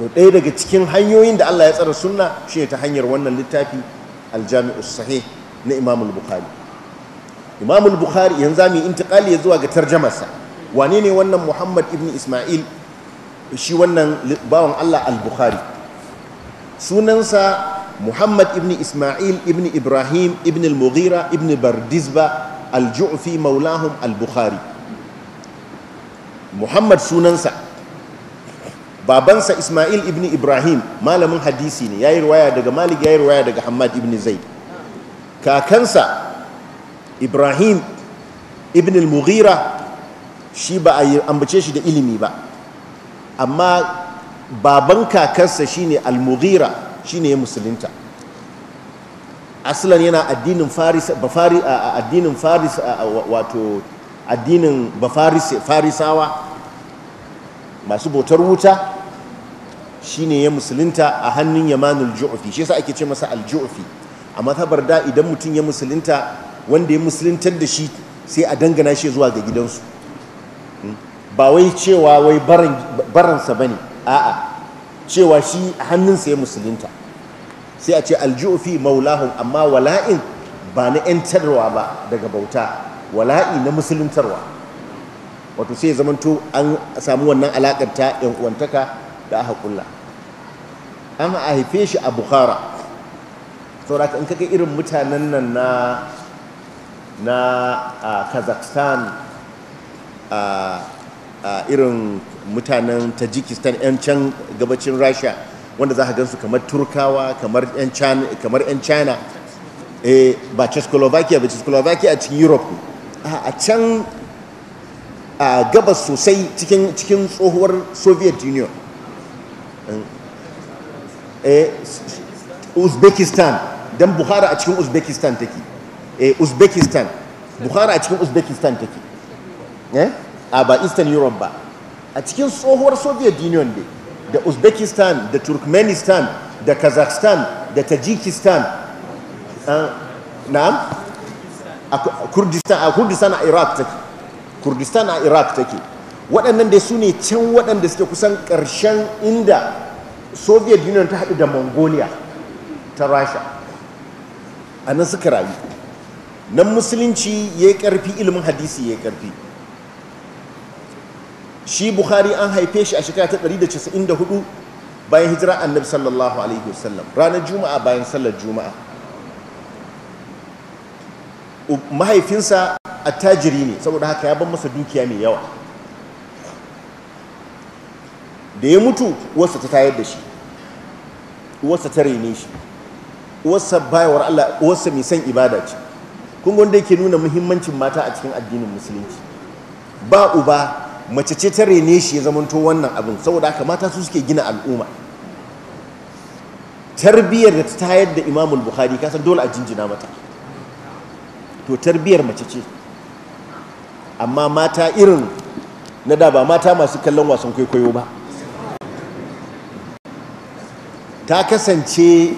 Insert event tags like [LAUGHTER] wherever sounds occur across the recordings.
to ɗaya daga cikin hanyoyin da Allah ya tsara sunna shi ta hanyar wannan littafi aljami'us sahih na imam al-bukhari imam al-bukhari yanzu mai intiqali zuwa ga tarjamarsa wane ne wannan muhammad ibn isma'il shi wannan bawan Allah al-bukhari sunansa muhammad ibn isma'il ibn ibrahim ibn al-mughira ibn bardizba al-ju'fi maulahum al-bukhari muhammad sunansa babansa Ismail ibn Ibrahim malamin hadisi ne yayi ruwaya daga Malik yayi ruwaya daga hamad ibn Zaid kakansa Ibrahim ibn al-Mughira shi ba a yi ambace shi da ilimi ba amma baban kakansa shine al-Mughira shine ya musulunta asalan yana addinin Faris a addinin Faris addinin Farisawa masu bautar wuta shine ya musulunta a hannun yamanul ju'fi shi yasa ake ce masa al-ju'fi a mazhabar da idan mutum ya musulunta wanda ya musuluntar da shi sai a dangana shi zuwa ga gidansu hmm? ba wai cewa wai baransa ba ne a'a cewa shi a hannunsa ya musulunta sai a ce aljufi maulahun amma wala'in ba na 'yantarwa ba daga bauta wala'i na musuluntarwa wato sai ya zamanto an samu wannan alakar ta 'yan uwantaka da aka kulla an haife shi a bukhara sauraka in kaga irin mutanen nan na na kazakhstan a irin mutanen tajikistan 'yan can gabacin rasha wanda za a gansu kamar turkawa kamar 'yan china eh ba czechoslovakia ba czechoslovakia a cikin europe a can a gabas sosai cikin tsohuwar soviet union Eh, uzbekistan don bukhara a cikin uzbekistan take eh uzbekistan bukhara a cikin uzbekistan take eh a ba eastern europe ba a cikin tsohuwar soviet union ne da uzbekistan da turkmenistan da kazakhstan da tajikistan eh, na'am a kurdistan a iraq take kurdistan a iraq take waɗannan dai su ne can waɗanda suke kusan ƙarshen inda soviet union ta haɗu da mongolia ta rasha a nan suka rayu nan musulunci ya yi ƙarfi ilimin hadisi ya yi ƙarfi shi buhari an haife shi a shekara ta 194 bayan hijira annabi sallallahu alaihi wasallam ranar juma'a bayan sallar juma'a mahaifinsa a tajiri ne saboda haka ya ban masa dukiya mai yawa da ya mutu uwarsa ta tayar da shi uwarsa ta raine shi uwarsa bayawar Allah uwarsa mai son ibada ce kun wanda yake nuna muhimmancin mata a cikin addinin musulunci ba uba mace ce ta rene shi ya zamanto wannan abin saboda haka mata su suke gina al'umma tarbiyyar da ta tayar da imamul bukhari kasan dole a jinjina mata to tarbiyyar mace ce amma mata irin na da ba mata masu kallon wasan kwaikwayo ba ta kasance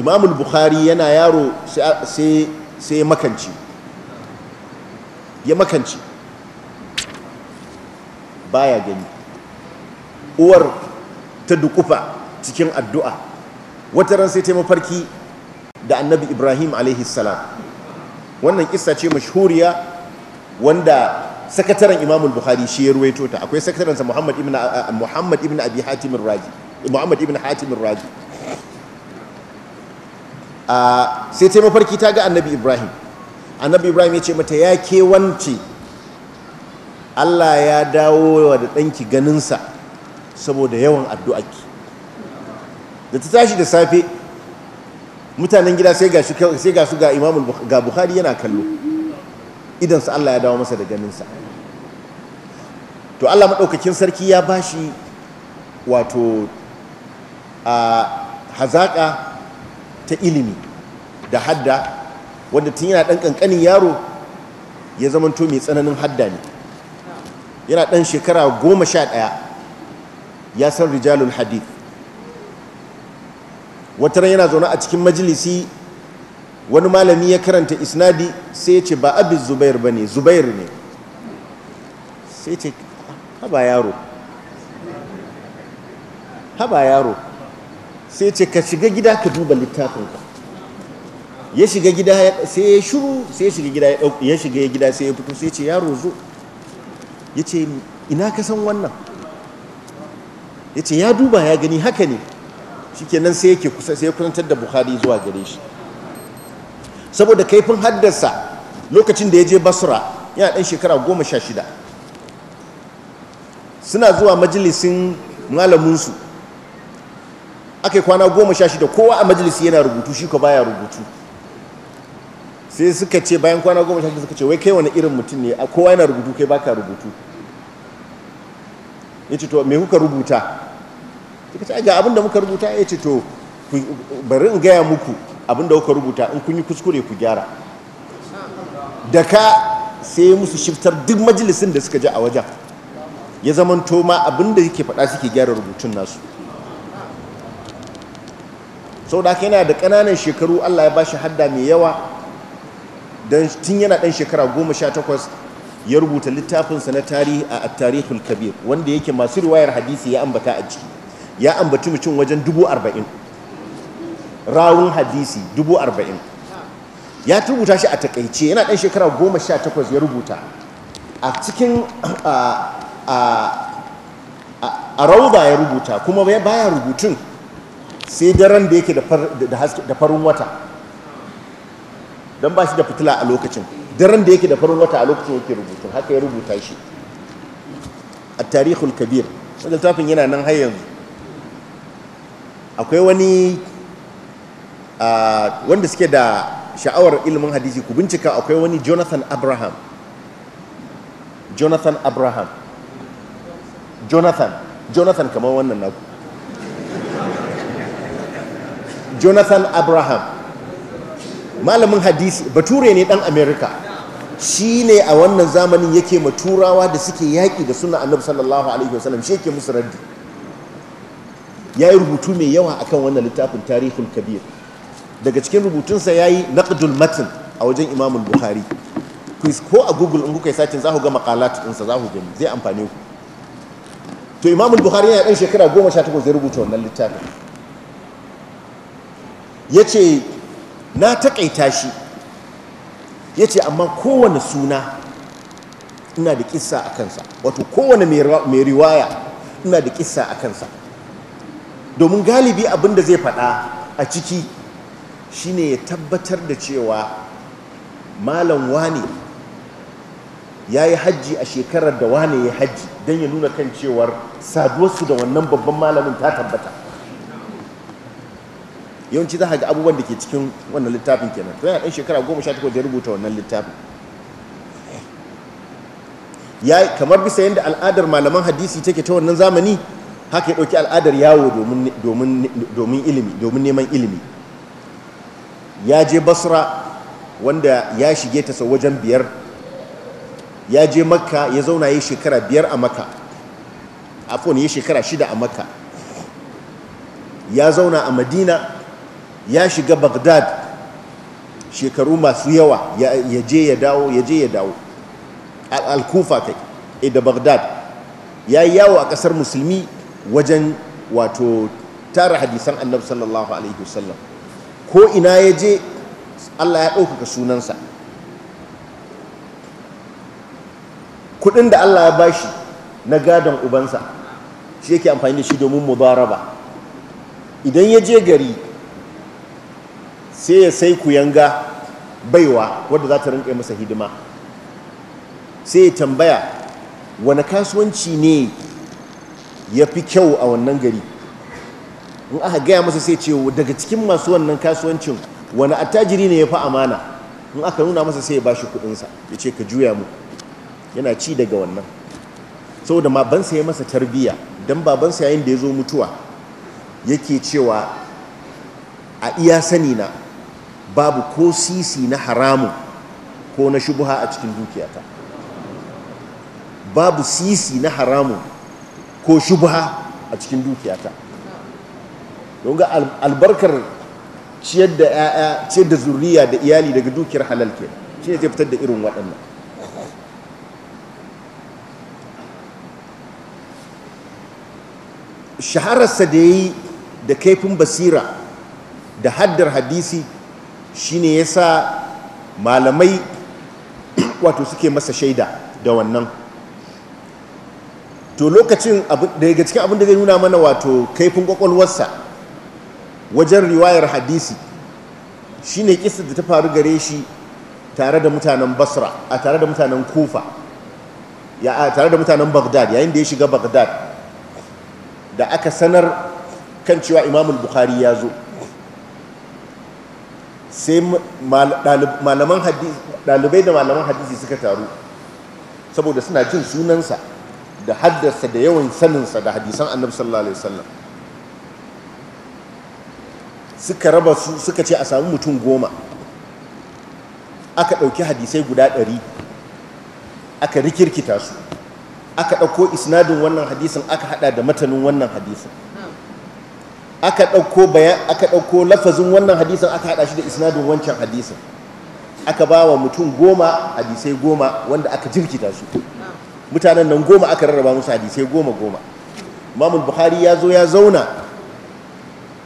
imamul bukhari yana yaro sai makanci ya makanci baya gani uwar ta dukufa cikin addu'a wata ran sai ta mafarki da annabi ibrahim alaihissalam wannan kissa ce mashhuriya wanda sakataren imamul bukhari shi ya ruwaito ta akwai sakatarensa muhammad ibn abi hatimin raji muhammad ibn hatim raji ah, sai ta mafarki ta ga annabi ibrahim annabi ibrahim ya ce mata ya ke wance allah ya dawo da ɗanki ganinsa saboda yawan addu'aki da ta tashi da safe mutanen gida sai ga su ga imamun ga buhari yana kallo idansa allah ya dawo masa da ganinsa to allah maɗaukakin sarki ya bashi wato a hazaƙa ta ilimi da hadda wanda tun yana ɗan ƙanƙanin yaro ya zamanto mai tsananin hadda ne yana ɗan shekara goma sha ɗaya ya san rijalul hadith ran yana zaune a cikin majalisi wani malami ya karanta isnadi sai ya ce ba abin zubair ba ne zubair ne sai ce haba yaro haba yaro sai ce ka shiga gida ka duba littafinka ya shiga gida sai ya shuru sai ya shiga gida ya shiga gida sai ya fito sai ce yaro zo ya ce ina ka san wannan ya ce ya duba ya gani haka ne shikenan sai yake kusa sai ya kusantar da bukhari zuwa gare shi saboda kaifin haddasa lokacin da ya je basra yana ɗan shekara goma sha shida suna zuwa majalisin malaminsu aka yi kwana goma sha shida kowa a majalisi yana rubutu shi ko baya rubutu sai suka ce bayan kwana goma sha shida suka ce wai kai wani irin mutum ne kowa yana rubutu kai baka rubutu ya ce to me kuka rubuta suka ce ga abin da muka rubuta ya ce to bari in gaya muku abin da kuka rubuta in kun yi kuskure ku gyara da ka sai musu shiftar duk majalisin da suka ji a wajen ya zamanto ma abin da yake faɗa suke gyara rubutun nasu da haka yana da ƙananan shekaru Allah ya shi hadda mai yawa don tun yana ɗan shekara goma sha takwas ya rubuta littafinsa na tarihi a tarihul kabir wanda yake masu riwayar hadisi ya ambata a ciki ya ambaci mutum wajen dubu arba'in rawun hadisi dubu arba'in ya rubuta shi a takaice yana ɗan shekara goma sha takwas ya rubuta a cikin a rauda ya rubuta kuma baya rubutun sai daren da yake da farin wata don ba shi da fitila a lokacin daren da yake da farin wata a lokacin yake rubutu haka ya rubuta shi a tarihul kabir wanda tafin yana nan har yanzu akwai wani wanda suke da sha'awar ilimin hadisi ku bincika akwai wani jonathan abraham jonathan abraham jonathan jonathan kamar wannan naku jonathan abraham malamin hadisi bature ne dan america shi ne a wannan zamanin yake maturawa da suke yaƙi da suna annabi sallallahu alaihi wasallam shi yake musu raddi ya yi rubutu mai yawa akan wannan littafin tarihul kabir daga cikin rubutunsa ya yi naqdul matan a wajen imamul bukhari ko a google in kuka yi satin za ku ga makalat ɗinsa za ku gani zai amfane ku to imamul bukhari yana dan shekara goma sha takwas zai rubuta wannan littafin ya ce na taƙaita shi ya ce amma kowane suna ina da kisa a kansa wato kowane mai riwaya ina da kisa a kansa domin galibi abin da zai faɗa a ciki shine ya tabbatar da cewa malam wane ya yi hajji a shekarar da wane ya yi hajji don ya nuna kan cewar saduwarsu da wannan babban malamin ta tabbata yawanci za a ga abubuwan da ke cikin wannan littafin kenan to yana ɗan shekara goma sha takwas ya rubuta wannan littafin ya kamar bisa yadda al'adar malaman hadisi take ta wannan zamani haka ya ɗauki al'adar yawo domin ilimi domin neman ilimi ya je basra wanda ya shige ta sau wajen biyar ya je makka ya zauna ya shekara biyar a makka afon ya shekara shida a makka ya zauna a madina ya shiga bagdad shekaru masu yawa ya je ya dawo ya je ya dawo al-kufa kai eh, da bagdad ya yi yawo a ƙasar musulmi wajen wato tara hadisan annabi sallallahu alaihi wasallam ko ina ya je allah ya ɗaukaka sunansa kuɗin da allah ya bashi na gadon ubansa shi yake amfani da shi domin mubaraba idan ya je gari sai ya sai ku yanga baiwa wadda za ta rinƙe masa hidima sai ya tambaya wani kasuwanci ne ya fi kyau a wannan gari in aka gaya masa sai ce daga cikin masu wannan kasuwancin wani attajiri ne ya fi amana in aka nuna masa sai ya ba shi kudinsa ya ce ka juya mu yana ci daga wannan saboda mabansa ya masa tarbiyya don babansa yayin da ya zo mutuwa yake cewa a iya sani na babu ko sisi na haramun ko na shubuha a cikin dukiyata babu sisi na haramun ko shubuha a cikin dukiyata don ga albarkar ciyar da ya'ya ciyar da zuriya da iyali daga dukiyar halal ke shi ne zai fitar da irin waɗannan shahararsa da ya yi da kaifin basira da haddar hadisi shine yasa malamai wato suke masa shaida da wannan to lokacin daga cikin abin da zai nuna mana wato kaifin kwakwalwarsa wajen riwayar hadisi shine kisa da ta faru gare shi tare da mutanen basra a tare da mutanen kufa ya a tare da mutanen bagdad yayin da ya shiga bagdad da aka sanar kan cewa imamul bukhari ya zo sai malaman hadisi dalibai da malaman hadisi suka taru saboda suna jin sunansa da haddarsa da yawan saninsa da hadisan annabi sallallahu alaihi wasallam suka raba su suka ce a samu mutum goma aka ɗauki hadisai guda ɗari aka rikirkita su aka ɗauko isnadin wannan hadisin aka haɗa da matanin wannan hadisin aka ɗauko bayan aka ɗauko lafazin wannan hadisin aka haɗa shi da isnadin wancan hadisin aka ba wa mutum goma hadisai goma wanda aka jirkita su mutanen nan goma aka rarraba musu hadisai goma goma mamun buhari ya zo ya zauna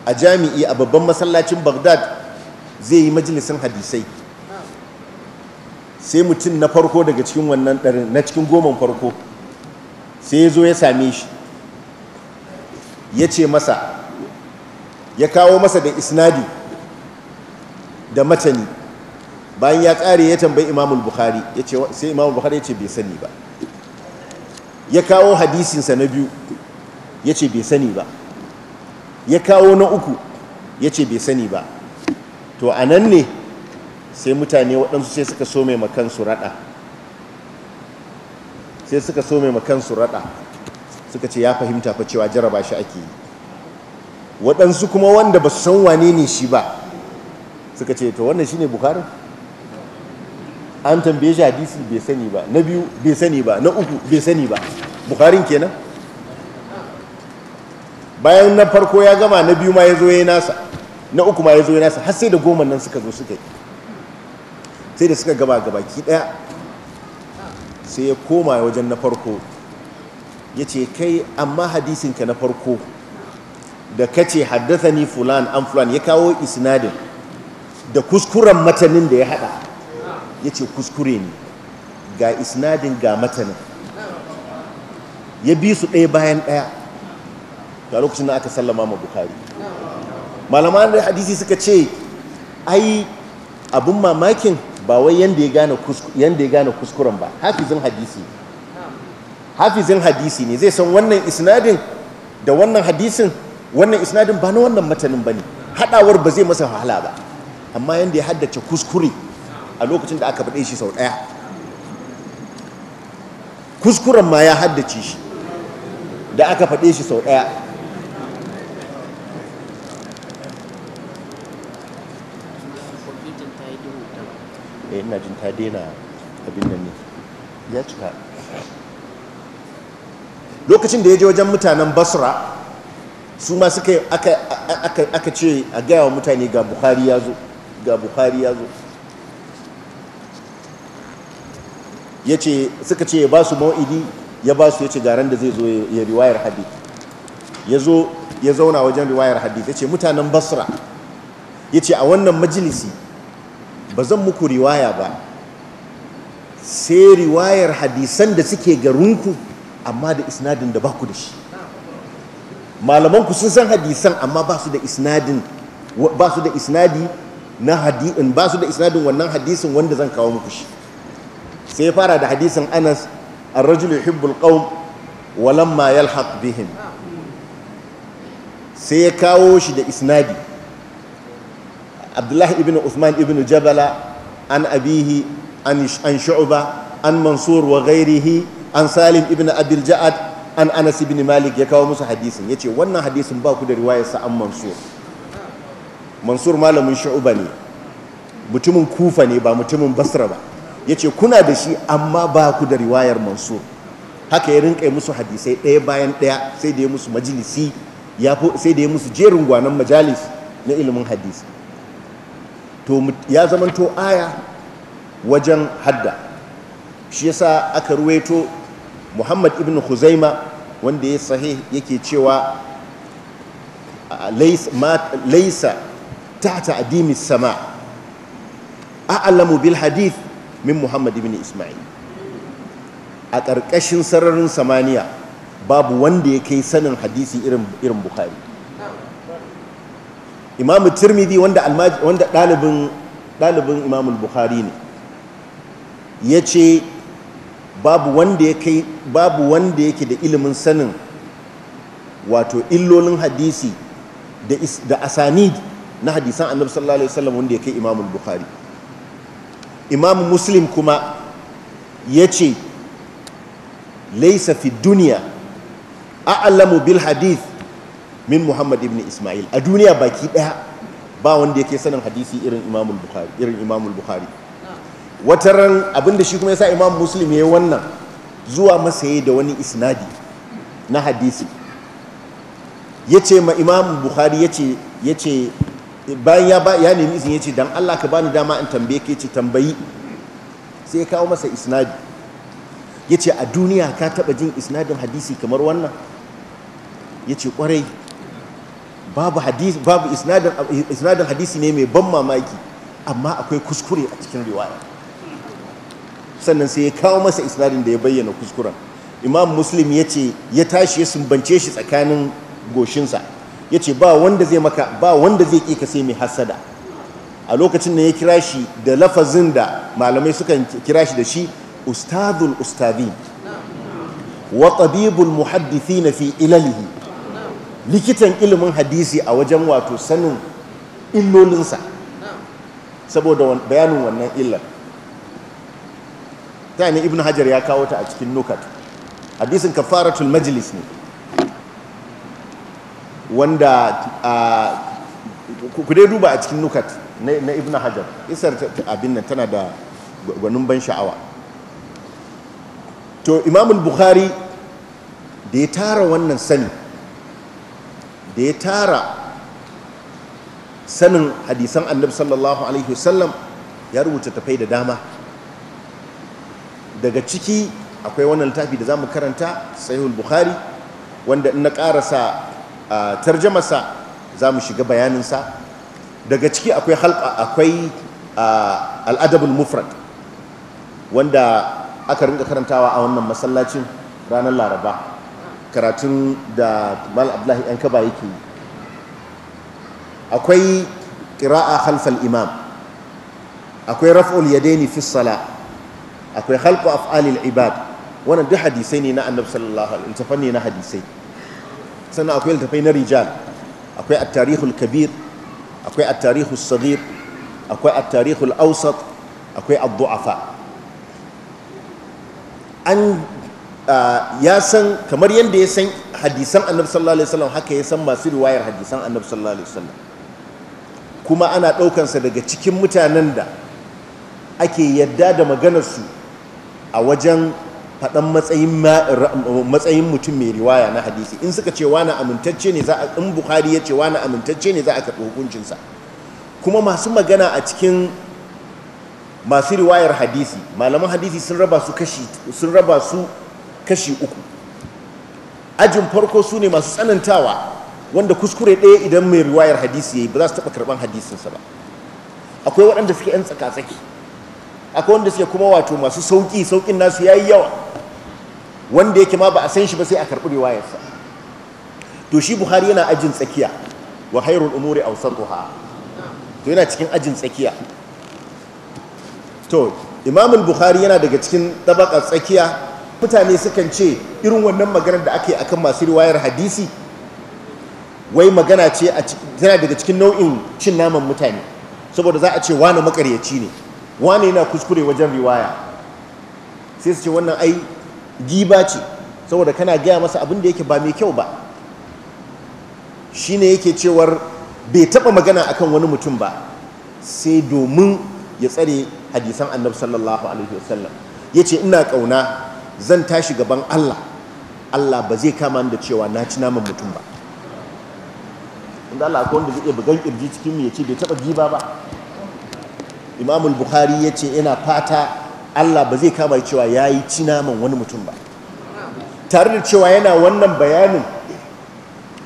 a jami'i a babban masallacin bagdad zai yi majalisin hadisai sai mutum na farko daga cikin wannan ɗarin na cikin goman farko sai ya zo ya same shi ya ce masa ya kawo masa da isnadi da matani bayan ya kare ya tambayi imamul bukhari ya ce sai imamul bukhari ya ce bai sani ba ya kawo hadisinsa na biyu ya ce bai sani ba ya kawo na uku ya ce bai sani ba to a nan ne sai mutane waɗansu sai suka so mai makansu raɗa sai suka so mai makansu raɗa suka ce ya fahimta fa cewa jaraba shi ake yi waɗansu kuma wanda ba su san wane ne shi ba suka ce to wannan shine bukarin an tambaye shi hadisi bai sani ba na biyu bai sani ba na uku bai sani ba bukarin kenan bayan na farko ya gama na biyu ma ya zo ya nasa na uku ma ya zo ya nasa har sai da goma nan suka zo suka yi sai da suka gaba gabaki daya sai ya koma wajen na farko ya ce kai amma hadisinka na farko da kace haddathani fulan an fulan ya kawo isnadin da kuskuren matanin da ya hada yace kuskure ne ga isnadin ga matanin ya bi su ɗaya bayan ɗaya ga lokacin da aka sallama ma bukari malaman da hadisi suka ce ai abin mamakin ba wai yanda ya gane kuskuren ba hafizin hadisi hafizin hadisi ne zai san wannan isnadin da wannan hadisin wannan isnadin ba na wannan matanin ba ne haɗawar ba zai masa wahala ba amma yadda ya haddace kuskure a lokacin da aka faɗe shi sau ɗaya kuskuren ma ya haddace shi da aka faɗe shi sau ɗaya eh, ina jin ta daina abin nan ne ya cika lokacin da ya je wajen mutanen basra su ma suka aka ce a gaya wa mutane ga buhari ya zo ga buhari ya zo ya ce suka ce ya ba su ma'idi ya ba su ya ce garan da zai zo ya riwayar hadith ya zo ya zauna wajen riwayar hadith ya ce mutanen basra ya ce a wannan majalisi ba zan muku riwaya ba sai riwayar hadisan da suke garinku amma da isnadin da ba ku da shi malaman ku sun san hadisan amma ba su da isnadin ba su da isnadi na hadin ba su da isnadin wannan hadisin wanda zan kawo muku shi sai ya fara da hadisin Anas ar-rajulu yuhibbul qawm walamma yalhaq bihim sai ya kawo shi da isnadi Abdullahi ibn Uthman ibn Jabala an abihi an shu'ba an Mansur wa ghairihi an Salim ibn Abil Ja'ad an anas ibn malik ya kawo musu hadisin yace wannan hadisin ba ku da riwayar sa an mansur mansur malamin shu'ba ne mutumin kufa ne ba mutumin basra ba yace kuna da shi amma ba ku da riwayar mansur haka ya rinka musu hadisai ɗaya bayan ɗaya sai da ya musu majalisi sai da ya musu jerin gwanon majalis na ilimin hadisi to ya zamanto aya wajen hadda shi yasa aka ruwaito muhammad ibn khuzaima wanda ya sahih yake cewa laisa ta ta'dimi sama a'lamu bil hadith min Muhammad ibn Isma'il a ƙarƙashin sararin samaniya babu wanda ya kai sanin hadisi irin irin Bukhari Imam Tirmidhi wanda wanda ɗalibin ɗalibin Imam Bukhari ne ce. babu wanda ya kai babu wanda yake da ilimin sanin wato illolin hadisi da, asanid na hadisan annabi sallallahu alaihi wasallam wanda ya kai imamul bukhari imam muslim kuma ya ce laisa fi duniya a'lamu bil hadith min muhammad ibn isma'il a duniya baki daya ba wanda yake sanin hadisi irin imamul bukhari irin imamul bukhari wataran abinda shi kuma yasa imam muslim yi wannan zuwa masaye da wani isnadi na hadisi ya ce ma imam bukhari ya ce bayan ya ba ya nemi izini ce don Allah ka bani dama in tambaye ka ce tambayi sai ya kawo masa isnadi ya ce a duniya ka taba jin isnadin hadisi kamar wannan ya ce kwarai babu hadisi babu isnadin isnadin hadisi ne mai ban mamaki amma akwai kuskure a cikin riwaya sannan sai ya kawo masa isnadin da ya bayyana kuskuren imam muslim ya ce ya tashi ya sumbance shi tsakanin goshinsa ya ce ba wanda zai maka ba wanda zai ƙi ka sai mai hasada a lokacin da ya kira shi da lafazin da malamai suka kira shi da shi ustadul ustadin wa tabibul na fi ilalihi likitan ilimin hadisi a wajen wato sanin illolinsa saboda bayanin wannan illar yani ibn hajar ya kawo ta a cikin nukat hadisin kafaratul majlis ne wanda ku dai duba a cikin nukat na ibn hajar isar abin nan tana da gwanin ban sha'awa to imamul bukhari da ya tara wannan sani da ya tara sanin hadisan annabi sallallahu alaihi wasallam ya rubuta tafai da dama daga ciki akwai wannan littafi da za mu karanta sahihul bukhari wanda in na karasa tarjamarsa za mu shiga bayanin sa. daga ciki akwai halka akwai al'adabul mufrad wanda aka rinka karantawa a wannan masallacin ranar laraba karatun da mal abdullahi yan kaba yake yi akwai ƙira'a halfal imam akwai raf'ul yadaini fi sala akwai halko af'alil ibad wannan duk hadisai ne na annabi sallallahu alaihi wasallam ne na hadisai sannan akwai al-tafai na rijal akwai at-tarihul kabir akwai at-tarihul saghir akwai at-tarihul awsat akwai ad-du'afa an ya san kamar yadda ya san hadisan annabi sallallahu alaihi wasallam haka ya san masu riwayar hadisan annabi sallallahu alaihi wasallam kuma ana ɗaukansa daga cikin mutanen da ake yadda da maganarsu a wajen faɗan matsayin mutum mai riwaya na hadisi in suka ce wani amintacce ne za a in buhari ya ce wani amintacce ne za a karɓi hukuncinsa kuma masu magana a cikin masu riwayar hadisi malaman hadisi sun raba su kashi uku ajin farko su ne masu tsanantawa wanda kuskure ɗaya idan mai riwayar hadisi ya yi ba za su taɓa karɓan hadisinsa ba akwai waɗanda suke 'yan tsaka-tsaki akwai wanda suke kuma wato masu sauki saukin nasu ya yi yawa wanda yake ma ba a san shi ba sai a karɓi riwayarsa to shi buhari yana ajin tsakiya wa khairul umuri awsatuha to yana cikin ajin tsakiya to imam bukhari yana daga cikin tabaka tsakiya mutane sukan ce irin wannan maganar da aka ake akan masu riwayar hadisi wai magana ce tana daga cikin nau'in cin naman mutane saboda za a ce wani makaryaci ne wani na kuskure wajen riwaya sai su ce wannan ai giba ce saboda kana gaya masa abin da yake ba mai kyau ba shine yake cewar bai taba magana akan wani mutum ba sai domin ya tsare hadisan annabi sallallahu alaihi wasallam yace ina kauna zan tashi gaban Allah Allah ba zai kama da cewa na ci naman mutum ba inda Allah akwai wanda zai iya bugan kirji cikin mu ya ce bai taba giba ba imamul bukhari ya ce ina fata allah ba zai kama cewa ya yi naman wani mutum ba tare da cewa yana wannan bayanin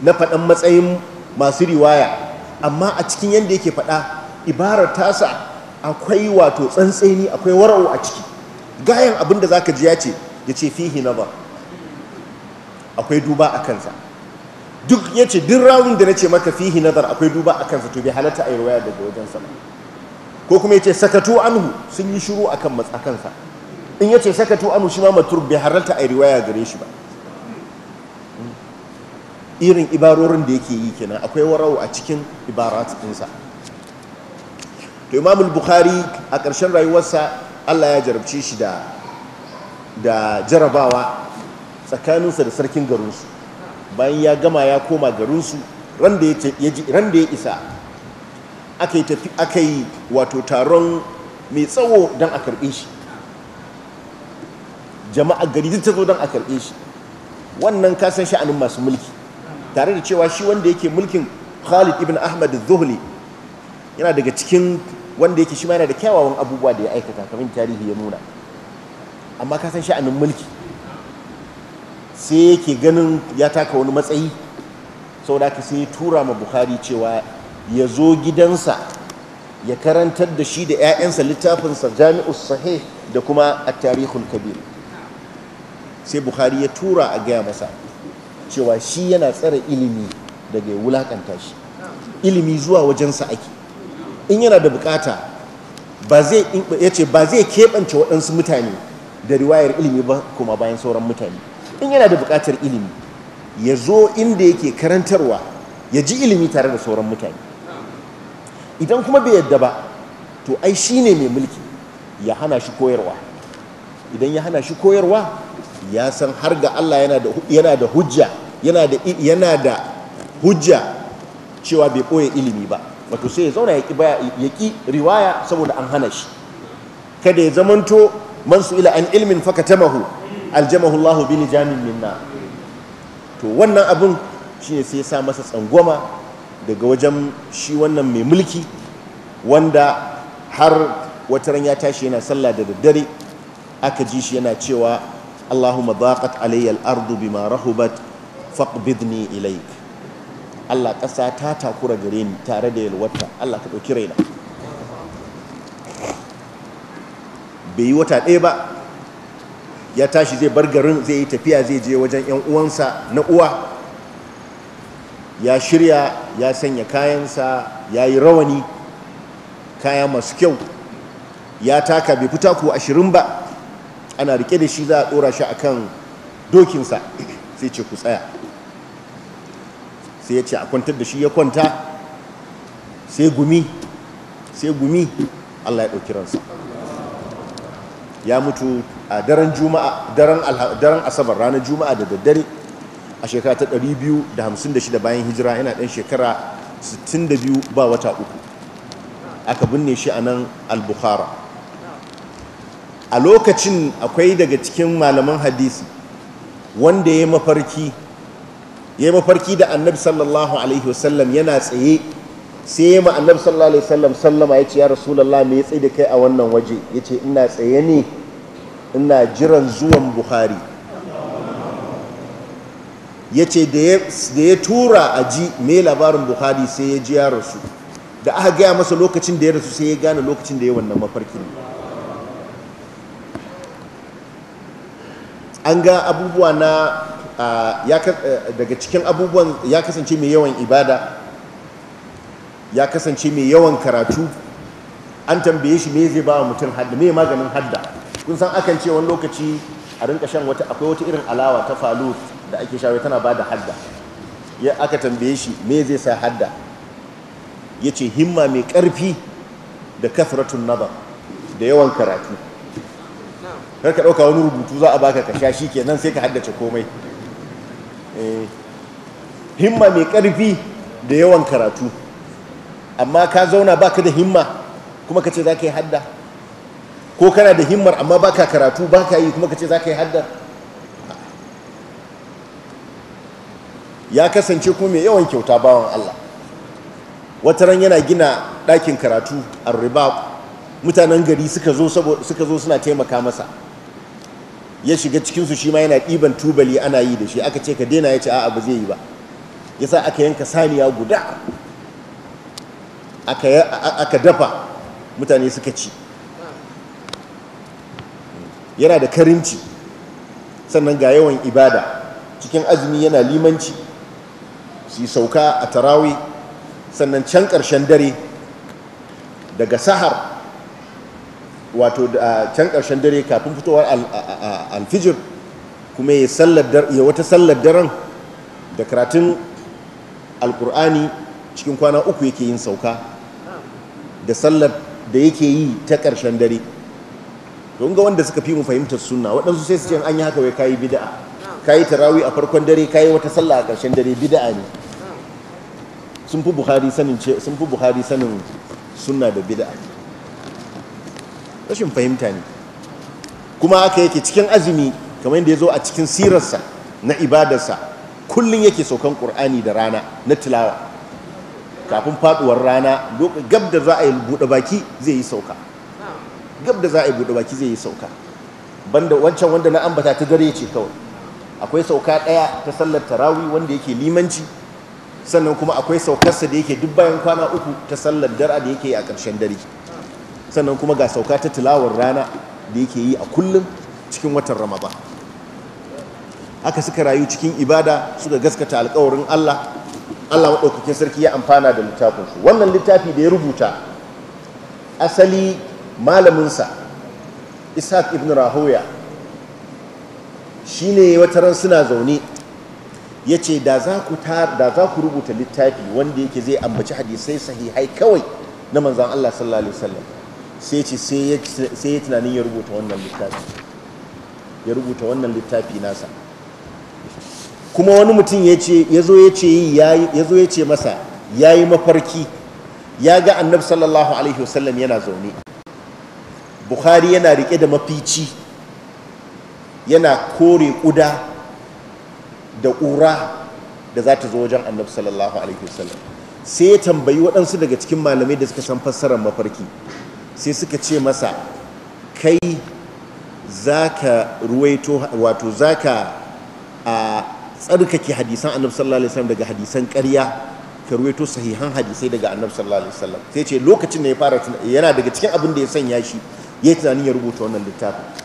na faɗan matsayin masu riwaya amma a cikin yadda yake faɗa ibarar tasa akwai wato tsantseni akwai wara'u a ciki gayan abin da za ka ji ya ce ya ce fihi na ba akwai duba a kansa duk ya ce duk rawun da na ce maka fihi nazar akwai duba a kansa to bai halatta a yi ruwaya daga wajen sama ko kuma yace sakatu anhu sun yi shiru akan matsakansa in yace sakatu anhu shi ma matur bai haralta ai riwaya gare shi ba irin ibarorin da yake yi kenan akwai warau a cikin ibarat sa. to imam al-bukhari a ƙarshen rayuwarsa Allah ya jarabce shi da da jarabawa tsakaninsa da sarkin garinsu bayan ya gama ya koma garinsu ran da ya isa aka yi wato taron mai tsawo don a karɓe shi jama'a gari ta zo don a karɓe shi wannan kasan sha'anin masu mulki tare da cewa shi wanda yake mulkin khalid ibn ahmad zuhli yana daga cikin wanda yake shi ma yana da kyawawan abubuwa da ya aikata kamar tarihi ya nuna amma kasan sha'anin mulki sai yake ganin ya taka wani matsayi saboda haka sai ya tura ma bukhari cewa ya zo gidansa ya karantar da shi da 'ya'yansa littafinsa jami'us sahih da kuma a tarihul kabir sai buhari ya tura a gaya masa cewa shi yana tsara ilimi daga ya wulakanta shi ilimi zuwa wajensa ake in yana da bukata ba zai ya ce ba zai keɓance waɗansu mutane da riwayar ilimi ba kuma bayan sauran mutane in yana da bukatar ilimi ya zo inda yake karantarwa ya ji ilimi tare da sauran mutane idan kuma bai yadda ba to ai shi ne mai mulki ya hana shi koyarwa idan ya hana shi koyarwa ya san har ga Allah yana da hujja yana da yana da hujja cewa bai boye ilimi ba wato sai ya zauna ya ki ya ki riwaya saboda an hana shi kada ya zamanto man su ila an ilmin fakatamahu aljamahu Allah bi lijamin minna to wannan abun shine sai ya sa masa tsangwama daga wajen shi wannan mai mulki wanda har wataran ya tashi yana sallah da daddare aka ji shi yana cewa Allahumma daqat alayya al-ardu bima rahubat faqbidni ilayk Allah ƙasa ta takura gare ni tare da yalwata Allah ka dauki raina bai yi wata ɗaya ba ya tashi zai bar garin zai yi tafiya zai je wajen 'yan uwansa na uwa ya shirya ya sanya kayansa ya yi rawani kaya masu kyau ya taka bai fita ko ashirin ba ana rike da shi za a ɗora shi akan dokinsa [CLEARS THROAT] sai ce ku tsaya sai ya ce a kwantar da shi ya kwanta sai gumi sai gumi allah ya ɗauki ransa ya mutu a daren juma'a daren asabar ranar juma'a da daddare a shekara ta 256 bayan hijira yana ɗan shekara 62 ba wata uku aka binne shi a nan al-bukhara a lokacin akwai daga cikin malaman hadisi wanda ya mafarki ya mafarki da annabi sallallahu alaihi wasallam yana tsaye sai ya ma annabi sallallahu alaihi wasallam sallama ya ce ya rasulallah me ya tsaye da kai a wannan waje ya ce ina tsaye ne ina jiran zuwan bukhari ya ce da ya tura a ji mai labarin buhari sai ya ji ya rasu da aka gaya masa lokacin da ya rasu sai ya gane lokacin da ya wannan mafarki an ga abubuwa na daga cikin abubuwan ya kasance mai yawan ibada ya kasance mai yawan karatu an tambaye shi me zai ba wa mutum hadda me maganin hadda kun san akan ce wani lokaci a rinka shan wata akwai wata irin alawa ta falut da ake shawo tana ba da hadda ya aka tambaye shi me zai sa hadda ya ce himma mai ƙarfi da kathratun nazar da yawan karatu kar ka ɗauka wani rubutu za a baka ka sha shi kenan sai ka haddace komai eh, himma mai ƙarfi da yawan karatu amma ka zauna baka da himma kuma ka ce za ka yi hadda ko kana da himmar amma baka karatu baka yi kuma ka ce za ka yi hadda ya kasance kuma mai yawan kyauta bawan Allah wata ran yana gina ɗakin karatu a ribab mutanen gari suka zo suna taimaka masa ya shiga cikinsu shi ma yana ɗiban tubali ana yi da shi aka ce ka daina ya ce a'a ba zai yi ba ya sa aka yanka saniya guda aka dafa mutane suka ci yana da karinci sannan ga yawan ibada cikin azumi yana limanci su sauka a tarawi sannan can ƙarshen dare daga sahar wato can ƙarshen dare kafin fitowar alfijir kuma ya wata sallar daren da karatun alkur'ani cikin kwana uku yake yin sauka da sallar da yake yi ta ƙarshen dare don ga wanda suka fi mu fahimtar suna waɗansu sai su ce an yi haka wai kayi bida'a kayi tarawi a farkon dare kayi wata sallah a ƙarshen dare bida'a ne sun fi buhari sanin sun fi buhari sanin sunna da bid'a rashin fahimta ne kuma aka yake cikin azumi kamar yadda ya zo a cikin sirarsa na ibadarsa kullum yake saukan ƙur'ani da rana na tilawa kafin faduwar rana gab da za a yi buɗe baki zai yi sauka gab da za a yi buɗe baki zai yi sauka banda wancan wanda na ambata ta dare ce kawai akwai sauka ɗaya ta sallar tarawi wanda yake limanci sannan kuma akwai saukarsa da yake duk bayan kwana uku ta sallar dar'a da yake yi a ƙarshen dare sannan kuma ga sauka ta tilawar rana da yake yi a kullum cikin watan ramaba aka suka rayu cikin ibada suka gaskata alkawarin allah allah maɗaukakin sarki ya amfana da littafinsu wannan littafi da ya rubuta asali malaminsa ishaq ibn rahoya shi shine wataran suna zaune ya ce da za ku rubuta littafi wanda yake zai ambaci hadisai sahihai kawai na manzan Allah sallallahu alaihi wasallam sai ce sai ya tunanin ya rubuta wannan littafi ya rubuta wannan littafi nasa kuma wani mutum ya ce ya zo ya ce masa ya yi mafarki ya ga annab sallallahu alaihi wasallam yana zaune bukhari yana rike da mafici yana kore kuda da ƙura da za ta zo wajen annabi sallallahu alaihi wasallam sai ya tambayi waɗansu daga cikin malamai da suka san fassarar mafarki sai suka ce masa kai za ka ruwaito wato za ka a tsarkake hadisan annabi sallallahu alaihi wasallam daga hadisan ƙarya ka ruwaito sahihan hadisai daga annabi sallallahu alaihi wasallam sai ce lokacin da ya fara yana daga cikin abin da ya sanya shi ya tunanin ya rubuta wannan littafin